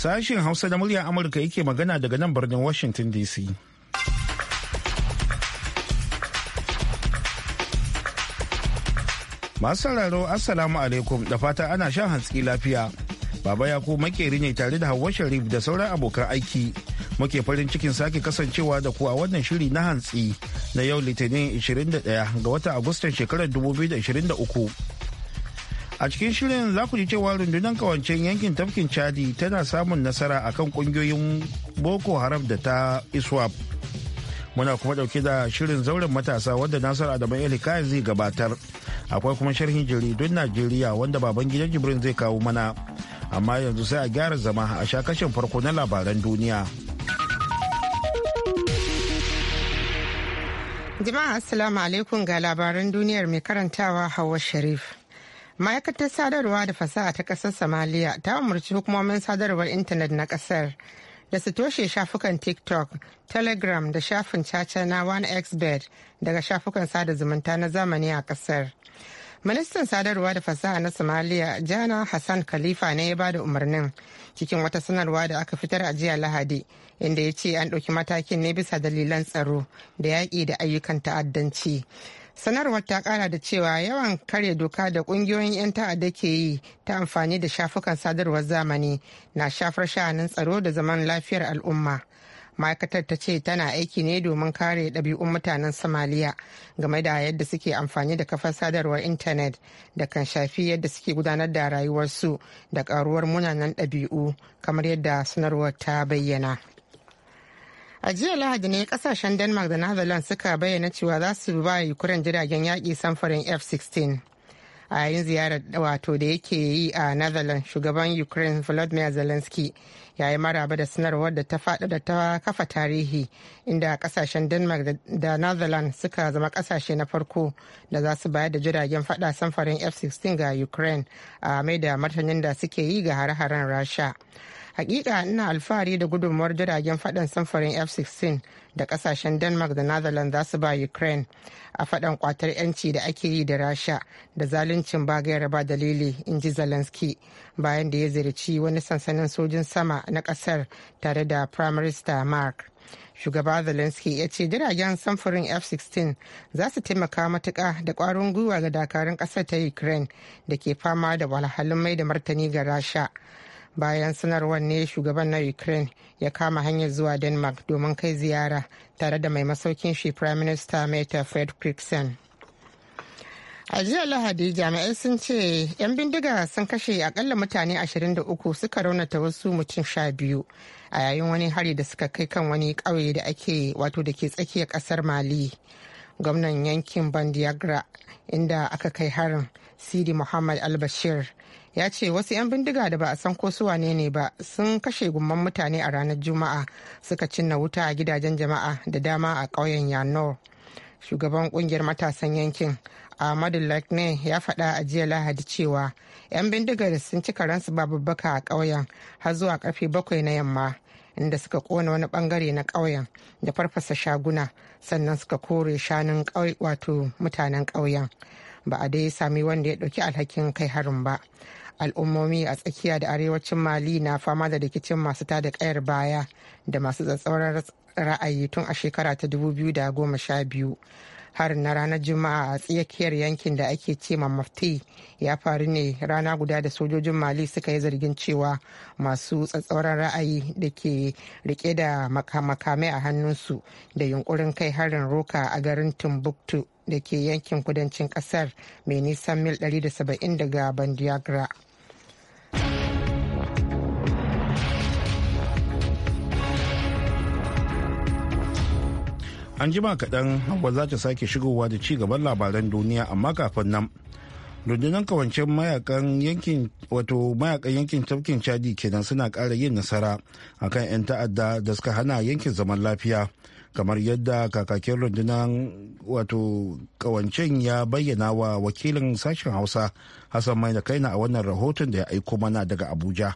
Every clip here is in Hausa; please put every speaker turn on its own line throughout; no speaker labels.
Sashen Hausa da muryar Amurka yake magana daga nan birnin Washington DC. Masu sauraro Assalamu alaikum da fata ana shan hantsi lafiya. Baba Yakubu makeri ne tare da Hauwa Sharif da sauran abokan aiki. Muke farin cikin sake kasancewa da ku a wannan shiri na hantsi na yau Litinin 21 ga watan Agustan shekarar 2023. a cikin shirin za ku ji cewa rundunar kawancen yankin tafkin chadi tana samun nasara a kan kungiyoyin boko haram da ta iswap muna kuma dauke da shirin zauren matasa wanda nasar adamu elika zai gabatar akwai kuma sharhin jaridun najeriya wanda baban gidan jibrin zai kawo mana amma yanzu sai a gyara zama a sha kashin farko na labaran duniya
jama'a assalamu alaikum ga labaran duniyar mai karantawa hawa sharif ma'aikatar sadarwa da fasaha ta kasar somaliya ta umarci hukumomin sadarwar intanet na kasar da su toshe shafukan tiktok telegram da shafin caca na 1xbet daga shafukan sada zumunta na zamani a kasar ministan sadarwa da fasaha na somaliya jana hassan khalifa ne ya bada umarnin cikin wata sanarwa da aka fitar a jiya lahadi inda ya ce an ɗauki matakin ne bisa dalilan tsaro da yaƙi da ayyukan ta'addanci sanarwar ta kara da cewa yawan kare doka da kungiyoyin 'yan ta'adda ke yi ta amfani da shafukan sadarwar zamani na shafar sha'anin tsaro da zaman lafiyar al'umma ma'aikatar ta ce tana aiki ne domin kare ɗabi'un mutanen somaliya game da yadda suke amfani da kafar sadarwar intanet da kan shafi yadda suke gudanar da rayuwarsu da karuwar munanan ɗabi'u kamar yadda sanarwar ta bayyana a jiya lahadi ne kasashen denmark da netherlands suka bayyana cewa za su ba ukraine jiragen yaƙi samfurin f-16 a yayin ziyarar wato da yake yi a netherlands shugaban ukraine volodymyr zelensky ya yi maraba da sanarwar da ta faɗa da ta kafa tarihi inda kasashen denmark da netherlands suka zama kasashe na farko da za su bayar da jiragen fada samfurin f-16 ga ukraine a mai da martanin da suke yi ga hare-haren rasha hakika ina alfahari da gudunmuwar jiragen fadan samfurin f-16 da kasashen denmark da netherlands za su ba ukraine a fadan kwatar yanci da ake yi da rasha da zaluncin bagayar ba dalili in ji zelensky bayan da ya ziyarci wani sansanin sojin sama na kasar tare da prime minister mark shugaba zelensky ya ce jiragen samfurin f-16 za su taimaka matuka da kwarin gwiwa ga dakarun kasar ta ukraine da ke fama da walhalun mai da martani ga rasha bayan sanarwar ne shugaban na ukraine ya kama hanyar zuwa denmark domin kai ziyara tare da mai masaukin shi prime minister meta fred kriksen a jiya lahadi jami'ai sun ce 'yan bindiga sun kashe akalla mutane 23 suka raunata wasu mutum sha biyu a yayin wani hari da suka kai kan wani ƙauye da ake wato da ke tsakiyar ƙasar mali gwamnan yankin bandiagra inda aka kai harin sidi muhammad albashir ya ce wasu 'yan bindiga da ba a san ko su wane ne ba sun kashe gumman mutane a ranar juma'a suka cinna wuta a gidajen jama'a da dama a ƙauyen Yano. shugaban kungiyar matasan yankin ahmadu lakne ya faɗa a jiya lahadi cewa 'yan bindigar sun ci ransu babbaka a ƙauyen har zuwa ƙarfe bakwai na yamma inda suka kona wani ɓangare na ƙauyen da farfasa shaguna sannan suka kore shanun wato mutanen ƙauyen ba a dai sami wanda ya ɗauki alhakin kai harin ba al'ummomi a tsakiya da arewacin mali na fama da rikicin masu tada kayar baya da masu tsatsauran ra'ayi tun a shekara ta goma sha biyu har na ranar juma'a a tsakiyar yankin da ake ce mafti ya faru ne rana guda da sojojin mali suka yi zargin cewa masu tsatsauran ra'ayi da ke rike da makamai a hannunsu da yunkurin kai harin roka a garin timbuktu da ke yankin kudancin kasar mai nisan mil 170 daga bandiagra
an jima kaɗan hawa za ta sake shigowa da ci gaban labaran duniya amma kafin nan rundunar kawancen mayakan yankin wato mayakan yankin tafkin chadi kenan suna ƙara yin nasara akan 'yan ta'adda da suka hana yankin zaman lafiya kamar yadda kakakin rundunar wato kawancin ya bayyana wa wakilin sashen hausa hassan mai da kaina a wannan rahoton da ya aiko mana daga abuja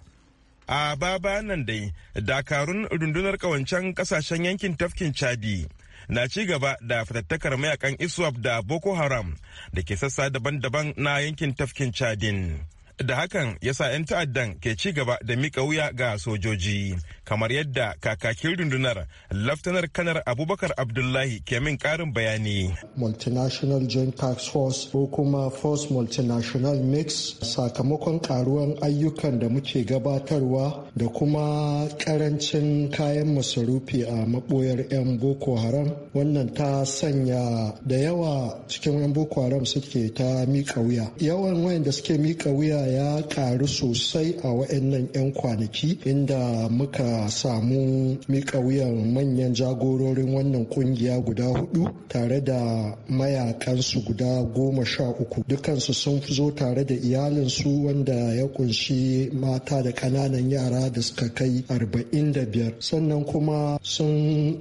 a baba nan dai dakarun rundunar kawancen kasashen yankin tafkin chadi na ci gaba da fitattakar mayakan iswap da boko haram da ke sassa daban-daban na yankin tafkin chadin da hakan ya sa 'yan ta'addan ke ci gaba da mika wuya ga sojoji kamar yadda kakakin rundunar laftanar kanar abubakar abdullahi ke min karin bayani
multinational joint tax force ko kuma force multinational mix sakamakon karuwan ayyukan da muke gabatarwa da kuma karancin kayan masarufi a maboyar 'yan boko haram wannan ta sanya da yawa cikin 'yan boko haram suke ta miƙa wuya yawan wayanda suke mika wuya ya karu sosai a wa'annan 'yan kwanaki inda muka a samu mika wuyan manyan jagororin wannan kungiya guda hudu tare da mayakansu guda goma sha uku dukansu sun zo tare da iyalinsu wanda ya kunshi mata da kananan yara da suka kai arba'in da biyar sannan kuma sun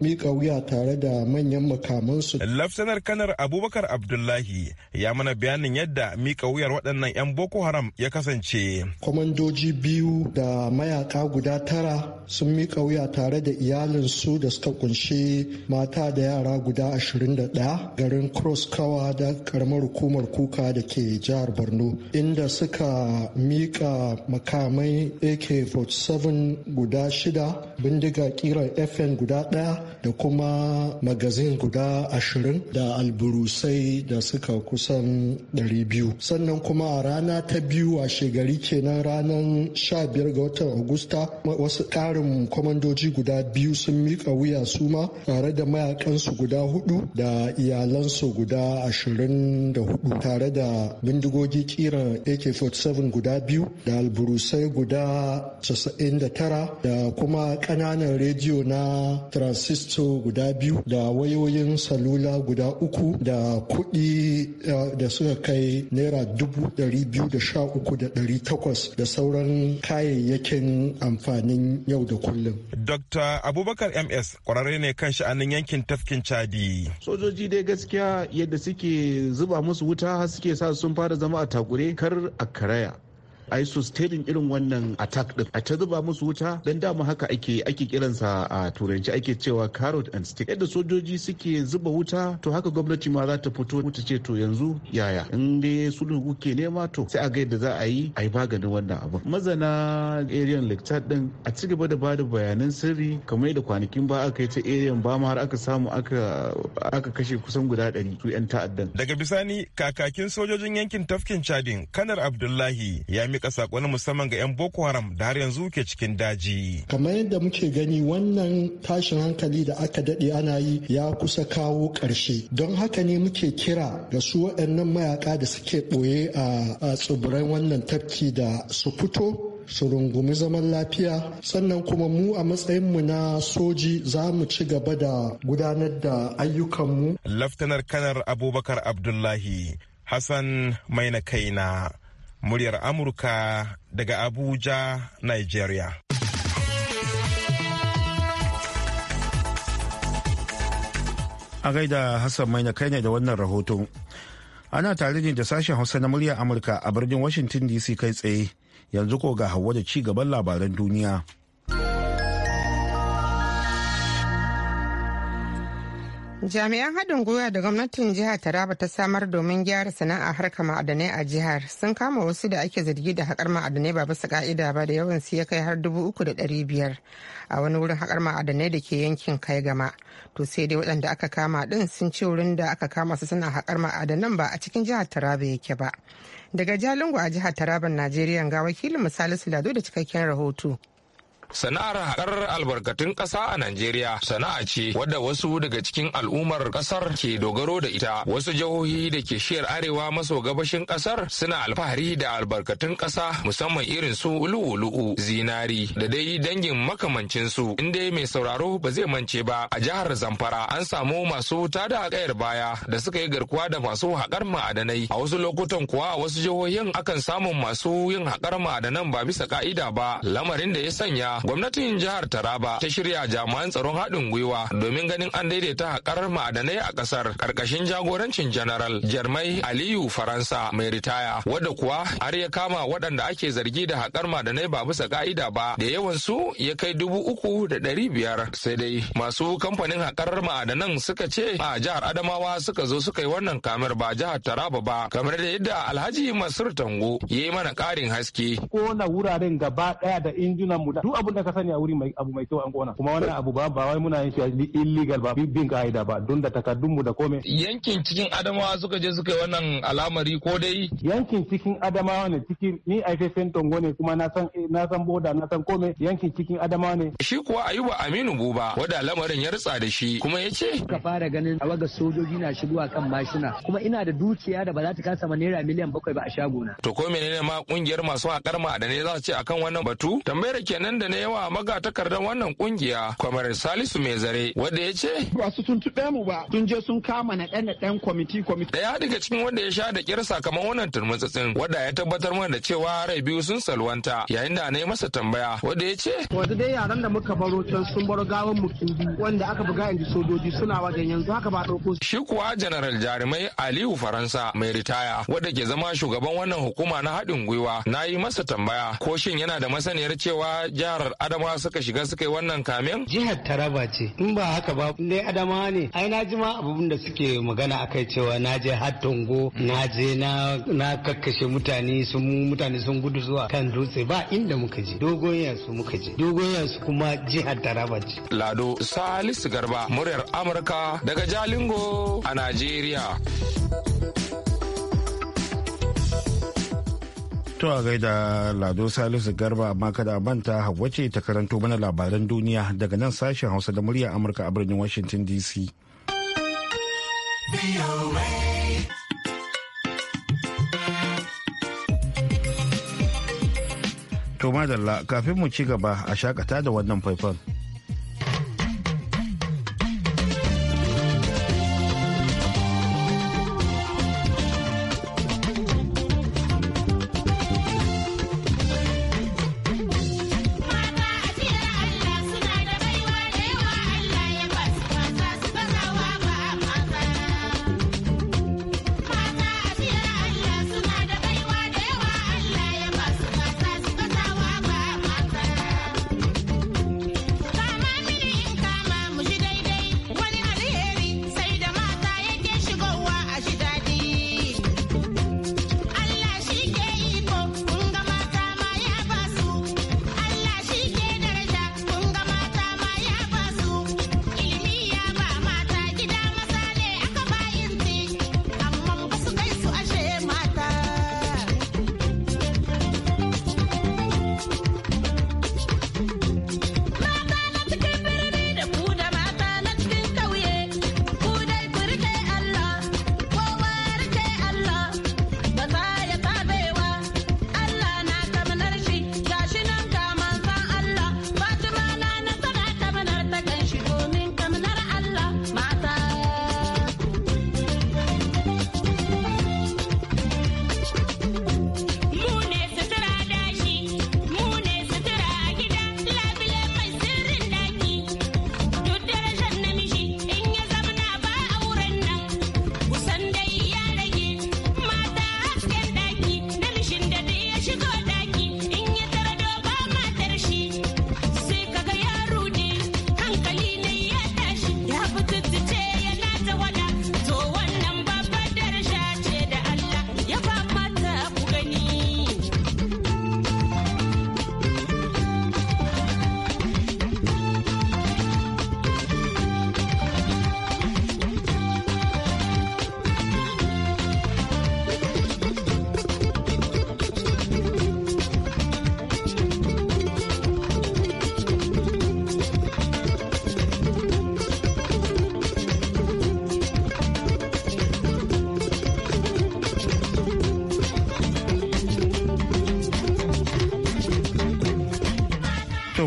mika wuya tare da manyan makamansu.
lafsanar kanar abubakar abdullahi ya mana bayanin yadda mika wuyar waɗannan 'yan boko haram ya kasance
kwamandoji biyu da mayaka guda tara sun sun mika wuya tare da iyalin su da suka kunshi mata da yara guda 21 garin cross kawa da karamar hukumar kuka da ke jihar borno inda suka mika makamai ak-47 guda shida bindiga kiran fn guda daya da kuma magazin guda 20 da alburusai da suka kusan 200 sannan kuma a rana ta biyu a shegari kenan ranar 15 ga watan agusta wasu ƙarin kwamandoji guda biyu sun miƙa wuya su ma tare da mayakansu guda hudu da iyalansu guda ashirin da hudu tare da bindigogi kira ak-47 guda biyu da alburusai guda 99 da kuma ƙananan rediyo na transisto guda biyu da wayoyin salula guda uku da kuɗi eh, da suka kai naira dubu dari biyu da sha uku da dari takwas da sauran kayayyakin amfanin yau da kullum.
Dr. Abubakar MS kwararre ne kan sha'anin yankin tafkin Chadi.
Sojoji dai gaskiya yadda suke zuba musu wuta suke sa sun fara zama a takure kar a karaya. yi sustainin irin wannan attack din a ta zuba musu wuta dan dama haka ake ake kiransa a turanci ake cewa carrot and stick yadda sojoji suke zuba wuta to haka gwamnati ma za ta fito wuta ce to yanzu yaya in dai sulhu kuke nema to sai a ga yadda za a yi a yi maganin wannan abin mazana arian lecture din a ci gaba da bada bayanan sirri kamar yadda kwanakin ba aka yi ta arian ba ma har aka samu aka aka kashe kusan guda ɗari su 'yan ta'addan
daga bisani kakakin sojojin yankin tafkin chadin kanar abdullahi ya mika sako na musamman ga 'yan boko haram da har yanzu ke cikin daji
kamar yadda muke gani wannan tashin hankali da aka dade ana yi ya kusa kawo ƙarshe don haka ne muke kira ga su waɗannan mayaka da suke ɓoye a tsibiran wannan tafki da su fito su rungumi zaman lafiya sannan kuma mu a matsayin mu na soji za mu ci gaba da gudanar da ayyukan mu.
Laftanar kanar Abubakar Abdullahi Hassan Maina Kaina muryar Amurka daga Abuja, Nigeria. A
gaida Hassan Maina kai ne da wannan rahoton. Ana tare ne da sashen Hausa na muryar Amurka a birnin Washington DC kai tsaye. Yanzu ko ga hawa da ci gaban labaran duniya.
Jami'an haɗin gwiwa da gwamnatin jihar Taraba ta samar domin gyara sana'a harkar ma'adanai a jihar sun kama wasu da ake zargi da haƙar ma'adanai ba bisa ƙa'ida ba da yawan su ya kai har dubu uku da ɗari biyar a wani wurin haƙar ma'adanai da ke yankin kai gama. To sai dai waɗanda aka kama ɗin sun ce wurin da aka kama su suna haƙar ma'adanan ba a cikin jihar Taraba yake ba. Daga Jalingo a jihar Taraban Najeriya ga wakilin misali Lado da cikakken rahoto.
Sana'ar haƙar albarkatun ƙasa a Najeriya sana'a ce wadda wasu daga cikin al'ummar ƙasar ke dogaro da ita. Wasu jihohi da ke shiyar arewa maso gabashin ƙasar suna alfahari da albarkatun ƙasa musamman irin su lu'u-lu'u, zinari da dai dangin makamancin su. Inda mai sauraro ba zai mance ba a jihar Zamfara an samu masu tada kayar baya da suka yi garkuwa da masu haƙar ma'adanai. A wasu lokutan kuwa a wasu jihohin akan samun masu yin haƙar ma'adanan ba bisa ka'ida ba lamarin da ya sanya gwamnatin jihar taraba ta shirya jami'an tsaron haɗin gwiwa domin ganin an daidaita haƙar ma'adanai a ƙasar ƙarƙashin jagorancin janaral jarmai aliyu faransa mai ritaya wadda kuwa har ya kama waɗanda ake zargi da haƙar ma'adanai ba bisa ƙa'ida ba da yawan su ya kai dubu uku da ɗari biyar sai dai masu kamfanin haƙar ma'adanan suka ce a jihar adamawa suka zo suka yi wannan kamar ba jihar taraba ba kamar da yadda alhaji masur tango ya yi mana ƙarin haske.
kona wuraren gaba ɗaya da injunan mu duk abu abun da ka sani a wuri mai abu mai kyau an kona kuma wannan abu ba wai muna yin shi illegal ba bin ka'ida ba don da takardun mu da komai
yankin cikin adamawa suka je suka yi wannan alamari ko dai yankin cikin
adamawa ne cikin ni aifafen tongo ne kuma na san na san boda na san komai yankin cikin adamawa
ne
shi kuwa ayuba aminu buba wanda lamarin ya rutsa da shi kuma ya
ce ka fara ganin waga sojoji na shigowa kan mashina kuma ina da dukiya da ba za ta kasa ma naira miliyan bakwai ba a shagona
to ko menene ma kungiyar masu haƙar ma'adanai za su ce akan wannan batu tambayar kenan da na yawa takardar wannan kungiya kwamar salisu mai zare wanda ya
ce ba su tuntuɓe mu ba sun je sun kama na ɗan ɗan kwamiti kwamiti
daya daga cikin wanda ya sha da kyar sakamakon wannan turmutsutsin wadda ya tabbatar mana da cewa rai biyu sun salwanta yayin da na yi masa tambaya wadda ya ce
wanda dai yaran da muka baro can sun baro gawan mu wanda aka buga inji sojoji suna wajen yanzu haka ba ɗauko shi
kuwa janaral jarumai aliyu faransa mai ritaya wadda ke zama shugaban wannan hukuma na haɗin gwiwa na yi masa tambaya ko shin yana da masaniyar cewa jihar jihar Adamawa suka shiga suka yi wannan kamen? Jihar Taraba ce. In ba haka ba dai adama ne. Ai na ji ma abubuwan da suke magana akai cewa na je har Tongo, na je na na kakkashe mutane sun mutane sun gudu zuwa kan dutse ba inda muka je. Dogon yansu muka je. Dogon yansu kuma jihar Taraba ce. Lado Salisu Garba muryar Amurka daga Jalingo a Najeriya.
To a gaida Lado Salisu Garba amma kada a manta Hauwa ce ta karanto mana labaran duniya daga nan sashen Hausa da murya Amurka a birnin Washington DC. To madalla kafin mu ci gaba a shakata da wannan faifan.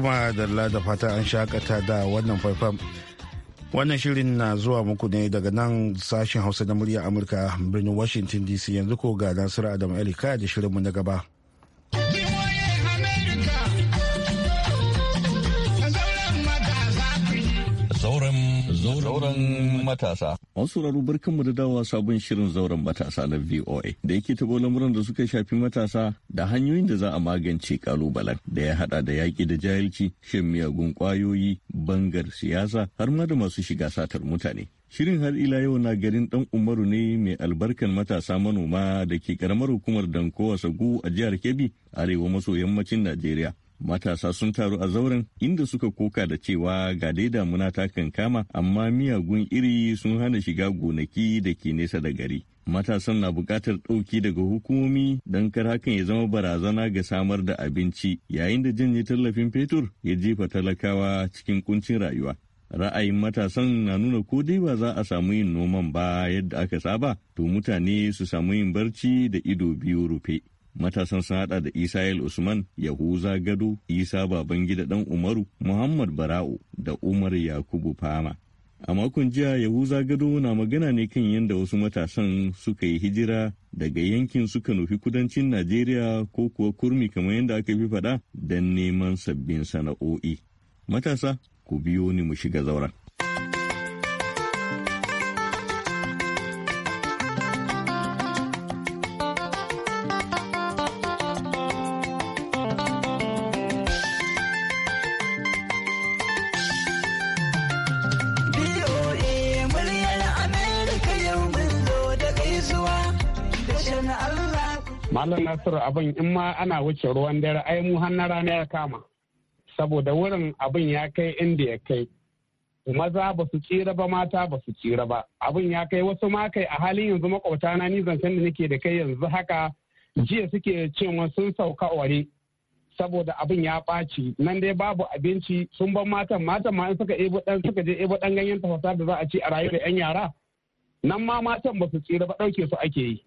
kuma Dalla da fata an shakata da wannan faifan. Wannan shirin na zuwa muku ne daga nan sashen Hausa na murya Amurka birnin Washington DC yanzu ko ga Nasiru Adam Ali kaya da shirinmu
na gaba. Zauren matasa. Masu sauraro barkan mu da dawowa sabon shirin zauren matasa na VOA da yake tabo lamuran da suka shafi matasa da hanyoyin da za a magance kalubalen da ya hada da yaki da jahilci, shan miyagun kwayoyi bangar siyasa har ma da masu shiga satar mutane. Shirin har ila yau na garin Dan Umaru ne mai albarkan matasa manoma da ke karamar hukumar Dankowa Sagu a jihar Kebbi, arewa maso yammacin Najeriya. matasa sun taru a zauren inda suka koka da cewa ga dai damuna ta kankama amma miyagun iri sun hana shiga gonaki da ke nesa da gari matasan na bukatar ɗauki daga hukumomi don kar hakan ya zama barazana ga samar da abinci yayin da janye tallafin fetur ya jefa talakawa cikin kuncin rayuwa ra'ayin matasan na nuna ko dai ba za a samu yin noman ba yadda aka saba to mutane su samu yin barci da ido biyu rufe matasan sun hada da Isa'il Usman, Yahuza Gado, Isa Babangida Dan Umaru, Muhammad Bara'u da Umar Yakubu Fama. A makon jiya Yahuza Gado na magana ne kan yadda wasu matasan suka yi hijira daga yankin suka nufi kudancin Najeriya ko kuwa kurmi kamar yadda aka fi faɗa don neman sabbin sana'o'i. Matasa, ku biyo ni mu shiga zauren.
nasiru abin in ma ana wuce ruwan dare ai mu har na rana ya kama saboda wurin abin ya kai inda ya kai maza ba su tsira ba mata ba su tsira ba abin ya kai wasu ma kai a halin yanzu makwabta na ni zancen da nake da kai yanzu haka jiya suke cewa sun sauka ware saboda abin ya ɓaci nan dai babu abinci sun ban matan matan ma suka ebo dan suka je ebo dan ganyen tafasa da za a ci a rayu da yan yara nan ma matan ba su tsira ba dauke su ake yi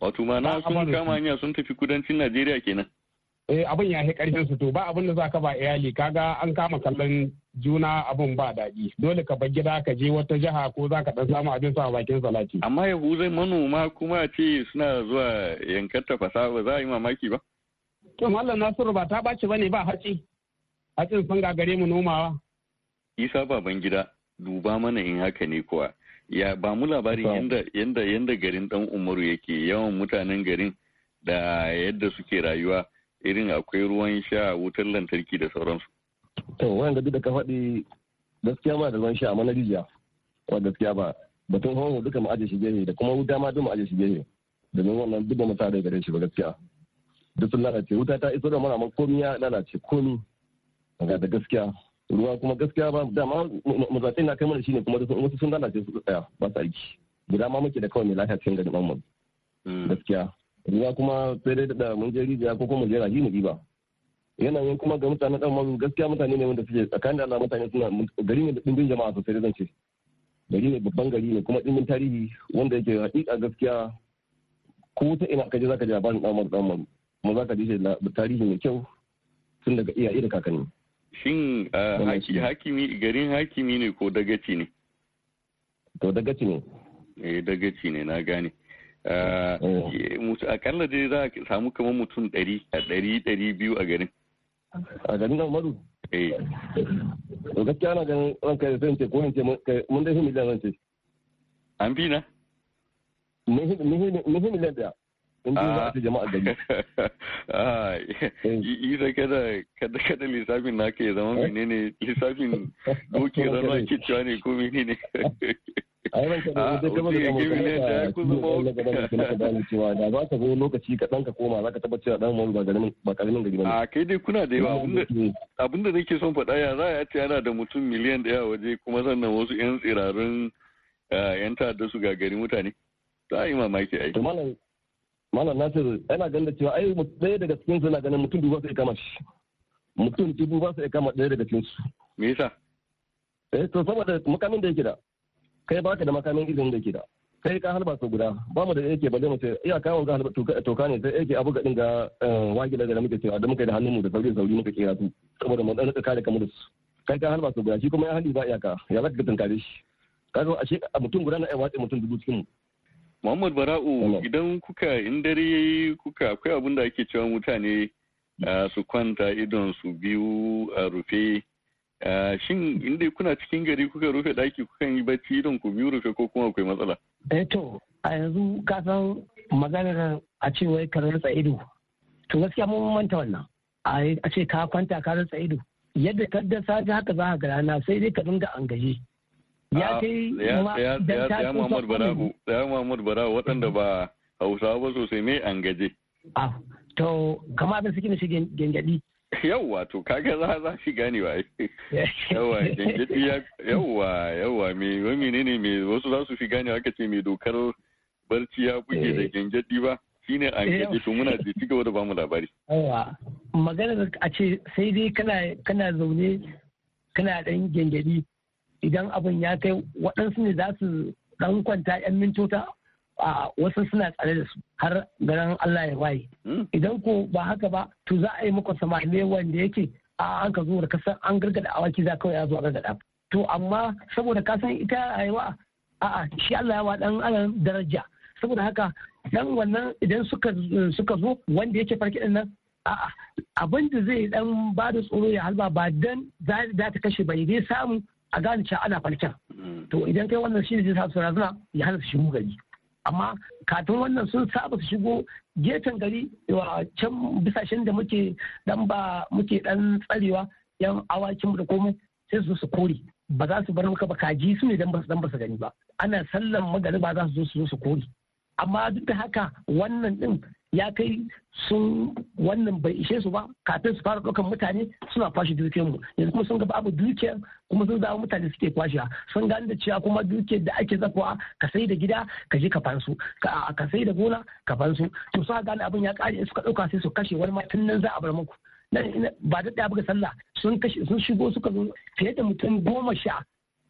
Wato na sun kama hanya sun tafi kudancin Najeriya kenan.
Eh abin ya fi karfin su to ba abin da za ka ba iyali kaga an kama kallon juna abin ba daɗi dole ka bar gida ka je wata jiha ko za ka ɗan samu abin sa bakin salati.
Amma yahuzai manoma kuma ce suna zuwa yankar tafasa ba za a yi mamaki ba.
To Mallam Nasiru ba ta ɓaci bane ba hatsi. Hatsin sun gagare mu nomawa.
Isa ban gida duba mana in haka ne kuwa ya ba mu labarin yadda yadda garin dan umaru yake yawan mutanen garin da yadda suke rayuwa irin akwai ruwan sha wutar lantarki da sauransu
to wannan gabi da ka faɗi gaskiya ma da ruwan sha amma na rijiya ko gaskiya ba batun hawan duka mu aje shi gehe da kuma wuta ma duk mu aje shi gehe domin wannan duk ba mu da gare shi ba gaskiya duk sun lalace wuta ta iso da mana amma komi ya lalace komi daga da gaskiya ruwa kuma gaskiya ba dama mazatsai na kai mana shine kuma wasu sun ce su tsaya ba sa aiki guda ma muke da kawai mai lafiya cikin garin mu hmm. gaskiya ruwa kuma sai dai da mun je rijiya ko kuma mu je raji mu yanayin kuma ga mutane dan mazu gaskiya mutane ne wanda suke tsakanin da Allah mutane suna gari ne da dimbin jama'a sosai da zance gari ne babban gari ne kuma dimbin tarihi wanda yake hakika gaskiya ko ta ina kaje zaka ji labarin dan mazu dan mazu kuma zaka ji tarihi mai kyau tun daga iyaye da kakanni Shin
uh, hakimi garin hakimi ne ko dagaci ne? To dagaci ne. Eh dagaci ne na gane. Uh, eh. Akalla dai za a samu kamar mutum ɗari a ɗari ɗari biyu a garin. A garin na maru? Eh.
To gaskiya ana ganin ranka da sai ko hance mun dai miliyan zance. An bi na? Mun miliyan daya. in dai za ta jama'a gari
isa kada kada kada lissafin naka ya zama menene lissafin
doki rana ke
cewa ne ko menene
ai ban ka da gaba da mutum da ku zuwa da gaba da kuma da da za ka zo lokaci ka dan ka koma za ka tabbatar da dan mu ba garin ba karamin gari bane a
kai dai kuna da yawa abinda abinda nake son faɗa ya za a ce yana da mutum miliyan daya waje kuma sannan wasu yan tsirarun yan ta'adda su gari mutane za a yi mamaki aiki.
malam nasir yana ganin da cewa ai ɗaya daga cikin su na ganin mutum dubu ba su iya kama shi mutum dubu ba su iya kama ɗaya daga cikin su me yasa eh to saboda makamin da yake da kai baka da makamin izinin da yake da kai ka halba su guda ba mu da yake ba zai mu ce iya kawo ga halba toka ne sai yake abu din ga eh, wagila da muke cewa da muke da hannun mu da sauri sauri muka kira su saboda mu dan kare kamar su kai ka halba su guda shi kuma ya hali ba iyaka ya zaka ga tunkare shi kaga ashe mutum guda na ai wace mutum dubu cikin mu
Muhammad Bara'u idan kuka in dare kuka akwai abin da ake cewa mutane su kwanta idon su biyu a rufe shin inda kuna cikin gari kuka rufe daki kuka yi bacci idon ku biyu rufe ko kuma akwai matsala?
Eh to a yanzu ka san maganar a ce wai ka rantsa ido to gaskiya mun manta wannan a ce ka kwanta ka rantsa ido yadda ka da haka za ka ga rana sai dai ka dinga angaje ya ah, kai ya Muhammad
ya Muhammad waɗanda ba Hausawa ba sosai ne an gaje
ah, to kama abin suke shi gengadi
yawwa to kaga za za shi gane wa
yawwa gengadi ya
yawwa yawwa me wani ne ne me wasu za su fi gane aka ce me dokar barci ya buge da eh. gengadi ba shine an eh. gaje to muna da ci gaba da bamu labari
yawwa magana a ce sai dai kana kana zaune kana dan gengadi idan abin ya kai waɗansu ne za su ɗan kwanta 'yan mintota a wasu suna tsare da su har garin Allah ya waye. Hmm. Idan ko ba haka ba to za a yi muku samame wanda yake a an ka zo da kasan an gargada awaki za kawai ya zo a gargada. To amma saboda ka san ita rayuwa a'a shi Allah ya wa dan daraja saboda haka dan wannan idan suka zo wanda yake farki din nan a'a abin da zai dan ba da tsoro ya halba ba dan za ta kashe bai dai samu a gane cewa ana falken mm. to idan kai wannan shine zai sa su razana ya hana su shigo gari amma katon wannan sun saba su shigo gefen gari wa can bisashen da muke dan ba muke dan tsarewa yan awakin da komai sai su su kore ba za su bar maka ba kaji su ne dan ba su gani ba ana sallan ba za su zo su zo su kore amma duk da haka wannan din ya kai sun wannan bai ishe su ba kafin su fara ɗaukan mutane suna kwashe dukiyarmu yanzu kuma sun ga babu dukiyar kuma sun zama mutane suke kwashewa sun gane da cewa kuma dukiyar da ake zakuwa ka sai da gida ka je ka fansu ka sai da gona ka fansu to suka gane abin ya ƙare suka ɗauka sai su kashe wani ma tun nan za a bar muku ba da ɗaya buga sallah sun kashe sun shigo suka zo fiye da mutum goma sha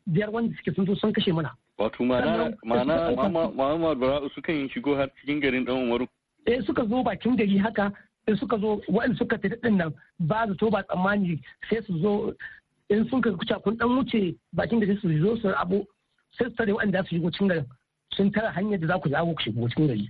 biyar wanda suke sun zo sun kashe mana.
wato ma'ana ma'ana ma'ana ma'ana ma'ana shigo ma'ana cikin garin ɗan umaru.
sai eh, suka zo bakin gari haka sai suka zo waɗanda suka tafi din nan ba zato ba tsammani sai su zo in sun ka kuca kun dan wuce bakin gari su zo su abu sai su tare waɗanda su shigo cikin garin sun tara hanyar da za ku zago ku shigo cikin gari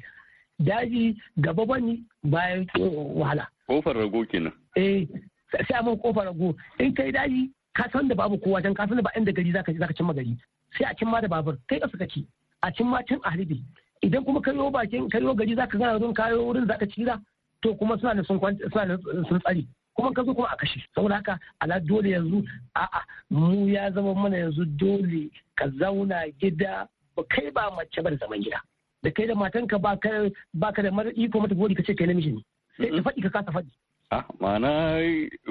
daji gaba bani bayan wahala
kofar rago kenan
eh sai a kofar rago in kai daji ka san da babu kowa dan ka san da ba inda gari zaka zaka cimma gari sai a cimma da babur kai ka suka ci a cimma can a harbe idan kuma kayo bakin kayo gari zaka gana wurin kayo wurin zaka cira to kuma suna da sun suna tsari kuma ka zo kuma a kashe saboda haka ala dole yanzu a'a mu ya zama mana yanzu dole ka zauna gida ba kai ba mace ba da zaman gida da kai da matanka ba ka ba ka da mara iko mata gori ka ce kai namiji ne sai ka mm-hmm. faɗi ka kasa faɗi
Ah, ma'ana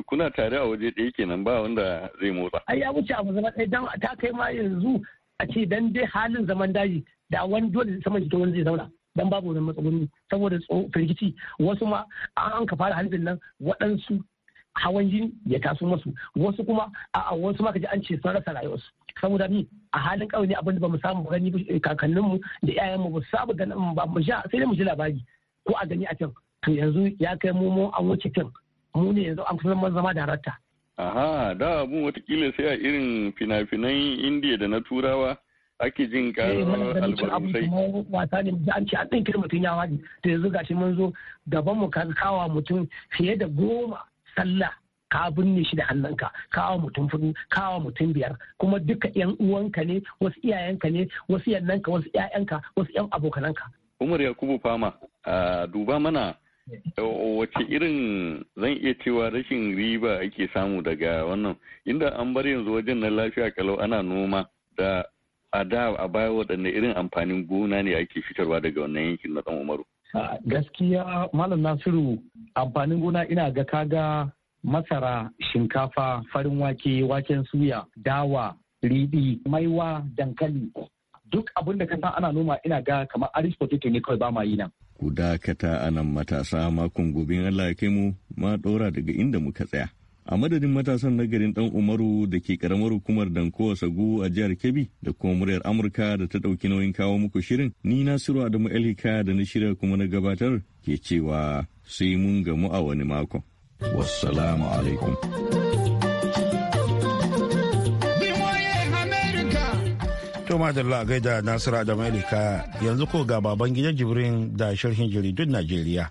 kuna tare a waje ɗaya kenan ba wanda zai motsa. Ai
ya wuce abu zama ɗaya dan ta kai ma yanzu a ce dan dai halin zaman daji da wani dole saman jikin wani zai zauna dan babu wani matsaloli saboda firgici wasu ma an ka fara harbin nan waɗansu hawan jini ya taso masu wasu kuma a wasu ma kaji an ce sun rasa rayuwarsu saboda ni a halin kawai ne abin da bamu samu gani eh, kakanninmu da iyayenmu ba su saba ganin ba mu sha sai mu ji labari ko a gani a can to yanzu ya kai mu mu an wuce can mu ne yanzu an kusa zama da rata
aha da abun watakila sai a irin fina-finan indiya da na turawa ake jin eh, karar
wasa ne an ce an ɗan kirma tun ya waje to yanzu mun zo gaban mu ka kawa mutum fiye da goma sallah ka binne shi da hannunka kawo mutum fudu kawo mutum biyar kuma duka yan uwanka ne wasu iyayenka ne wasu yannanka wasu iyayenka wasu yan abokananka
umar yakubu fama duba mana wace irin zan iya cewa rashin riba ake samu daga wannan inda an bar yanzu wajen na lafiya kalau ana noma da a da a baya waɗanne irin amfanin gona ne ake fitarwa daga wannan yankin na ɗan umaru
gaskiya malam nasiru amfanin gona ina ga kaga masara shinkafa farin wake waken suya dawa riɗi maiwa dankali duk abin da ka san ana noma ina ga kamar aris potato ne kawai ba ma yi nan
ku dakata anan matasa makon gobe Allah ya kai mu ma ɗora daga inda muka tsaya a madadin matasan nagarin garin dan umaru da ke karamar hukumar dankowa sagu a jihar kebbi da kuma muryar amurka da ta ɗauki nauyin kawo muku shirin ni nasiru adamu elhika da na shirya kuma na gabatar ke cewa sai mun gamu a wani mako wassalamu alaikum
To madalla gaida Nasiru Adamu Elika yanzu ko ga baban gidan Jibrin da sharhin jaridun Najeriya.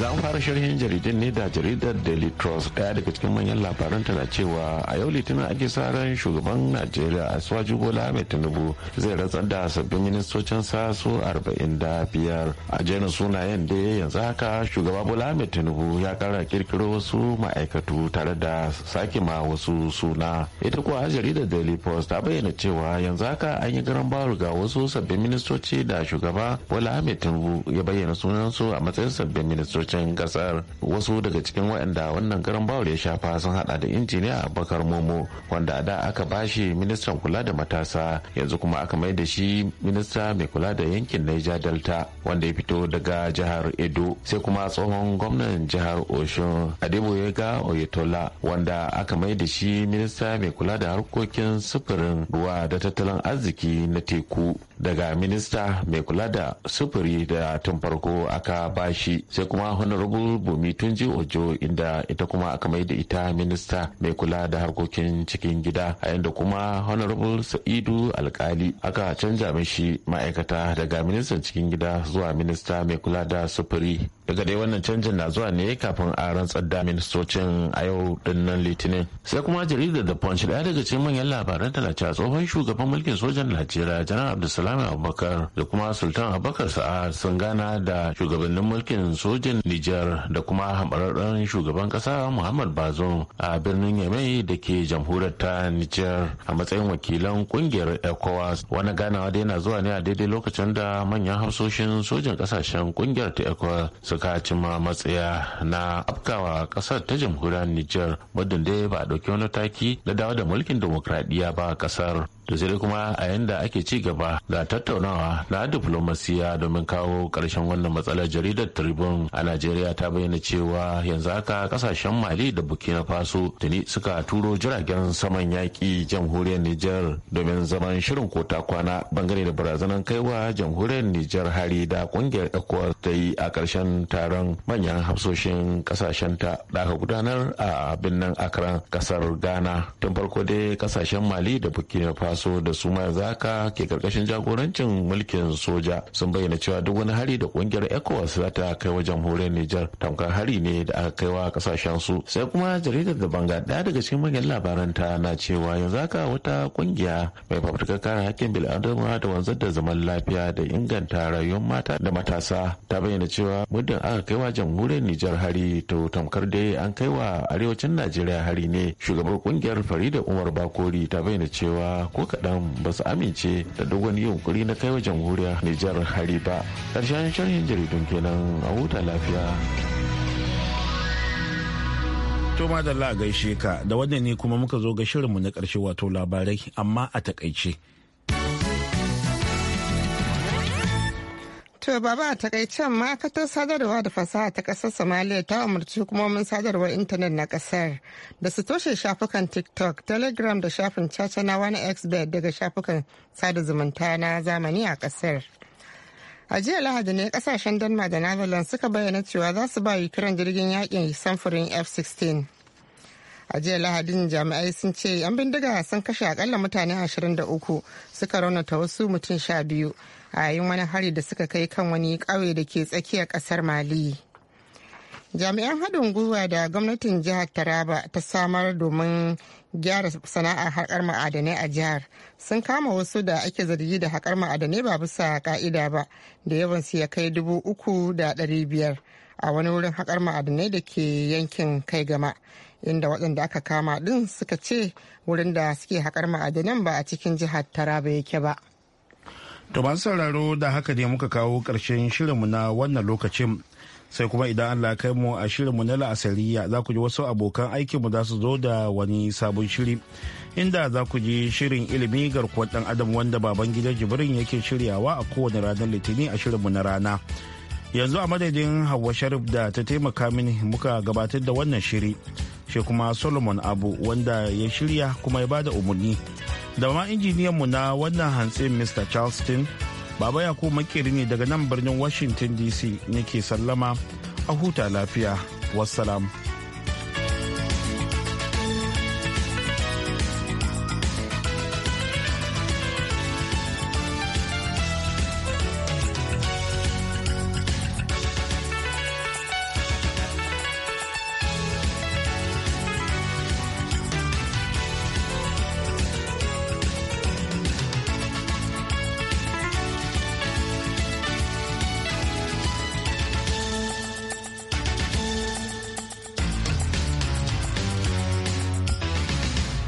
za mu fara sharhin jaridar ne da jaridar daily trust daya daga cikin manyan labaran ta na cewa a yau litinin ake sa ran shugaban najeriya asuwaju bola mai tinubu zai ratsa da sabbin ministocin sa su arba'in da biyar a jerin sunayen da yanzu haka shugaba bola mai tinubu ya kara kirkiro wasu ma'aikatu tare da sake ma wasu suna ita kuwa jaridar daily post ta bayyana cewa yanzu haka an yi garan baro ga wasu sabbin ministoci da shugaba bola mai tinubu ya bayyana su a matsayin sabbin ministoci arewacin kasar wasu daga cikin waɗanda wannan garan bawul ya shafa sun hada da injiniya bakar momo wanda a da aka bashi ministan kula da matasa yanzu kuma aka mai da shi minista mai kula da yankin naija delta wanda ya fito daga jihar edo sai kuma tsohon gwamnan jihar oshun adeboyega oyetola wanda aka mai da shi minista mai kula da harkokin sufurin ruwa da tattalin arziki na teku daga minista mai kula da sufuri da tun farko aka bashi sai kuma honorable bumi tunji ojo inda ita kuma aka mai da ita minista mai kula da harkokin cikin gida a yanda kuma honorable sa'idu alkali aka canja mishi ma'aikata daga ministan cikin gida zuwa minista mai kula da sufuri daga dai wannan canjin na zuwa ne kafin a rantsar da ministocin a yau dinnan litinin sai kuma jaridar da punch daya daga cikin manyan labaran talace a tsohon shugaban mulkin sojan najeriya janar abdulsalam abubakar da kuma sultan abubakar sa'a sun gana da shugabannin mulkin sojan Nijar da kuma hamararren shugaban kasa Muhammad Bazoum a birnin Yamai da ke jamhuriyar ta Nijar a matsayin wakilan kungiyar ECOWAS. Wani ganawa da yana zuwa ne a daidai lokacin da manyan hafsoshin sojin kasashen kungiyar ta ECOWAS suka cima matsaya na afkawa kasar ta jamhuriyar Nijar muddin dai ba a ɗauki wani taki da dawo da mulkin demokradiyya ba kasar. da sai kuma a yanda ake ci gaba da tattaunawa na diplomasiya domin kawo karshen wannan matsalar jaridar tribune a najeriya ta bayyana cewa yanzu haka kasashen mali da burkina faso tuni suka turo jiragen saman yaƙi jamhuriyar niger domin zaman shirin kota kwana bangare da barazanar kaiwa jamhuriyar niger hari da ƙungiyar ɗakuwar ta yi a karshen taron manyan hafsoshin kasashen ta da aka gudanar a birnin akran ƙasar ghana tun farko dai kasashen mali da burkina faso faso da su ma yanzu haka ke karkashin jagorancin mulkin soja sun bayyana cewa duk wani hari da kungiyar ecowas za ta kai wa jamhuriyar niger tamkar hari ne da aka kai wa kasashen su sai kuma jaridar da banga daya daga cikin manyan labaran ta na cewa yanzu haka wata kungiya mai fafutukar kare hakkin bil'adama da wanzar da zaman lafiya da inganta rayuwar mata da matasa ta bayyana cewa muddin aka kai wa jamhuriyar niger hari to tamkar dai an kai wa arewacin najeriya hari ne shugabar kungiyar farida umar bakori ta bayyana cewa ko ko kaɗan ba su amince da duk wani yunkuri na kaiwa jamhuriyar Nijar hari ba. Ƙarshen sharhin jaridun kenan a huta lafiya.
To madalla gaishe ka da wannan ne kuma muka zo ga shirinmu na ƙarshe wato labarai amma a takaice.
To baba a takaicen ma'aikatar sadarwa da fasaha ta kasar Somalia ta umarci hukumomin sadarwar intanet na kasar da su toshe shafukan TikTok, Telegram da shafin caca na wani Xbet daga shafukan sada zumunta na zamani a kasar. A jiya Lahadi ne kasashen Denmark da Netherlands suka bayyana cewa za su ba Ukraine jirgin yakin samfurin F-16. a jiya lahadin jami'ai sun ce yan bindiga sun kashe akalla mutane 23 suka raunata wasu mutum 12 a yayin wani hari da suka kai kan wani ƙauye da ke tsakiyar ƙasar mali jami'an haɗin gwiwa da gwamnatin jihar taraba ta samar domin gyara sana'ar haƙar ma'adanai a jihar sun kama wasu da ake zargi da haƙar ma'adanai ba bisa ka'ida ba da yawan su ya kai dubu uku da ɗari biyar a wani wurin haƙar ma'adanai da ke yankin kai gama inda waɗanda aka kama ɗin suka ce wurin da suke haƙar ma'adanan ba a cikin jihar taraba yake ba
to masu sauraro da haka ne muka kawo ƙarshen shirinmu na wannan lokacin sai kuma idan allah kai mu a shirinmu na la'asariya za ku ji wasu abokan aikinmu za su zo da wani sabon shiri inda za ku ji shirin ilimi garkuwar dan adam wanda baban gidan jibrin yake shiryawa a kowane ranar litinin a shirinmu na rana yanzu a madadin hawa sharif da ta taimaka mini muka gabatar da wannan shiri shi kuma solomon abu wanda ya shirya kuma ya bada umarni da ma injiniyanmu na wannan hantsin mr charleston baba yakubu makeri ne daga nan birnin washington dc nake sallama a huta lafiya
wassalam.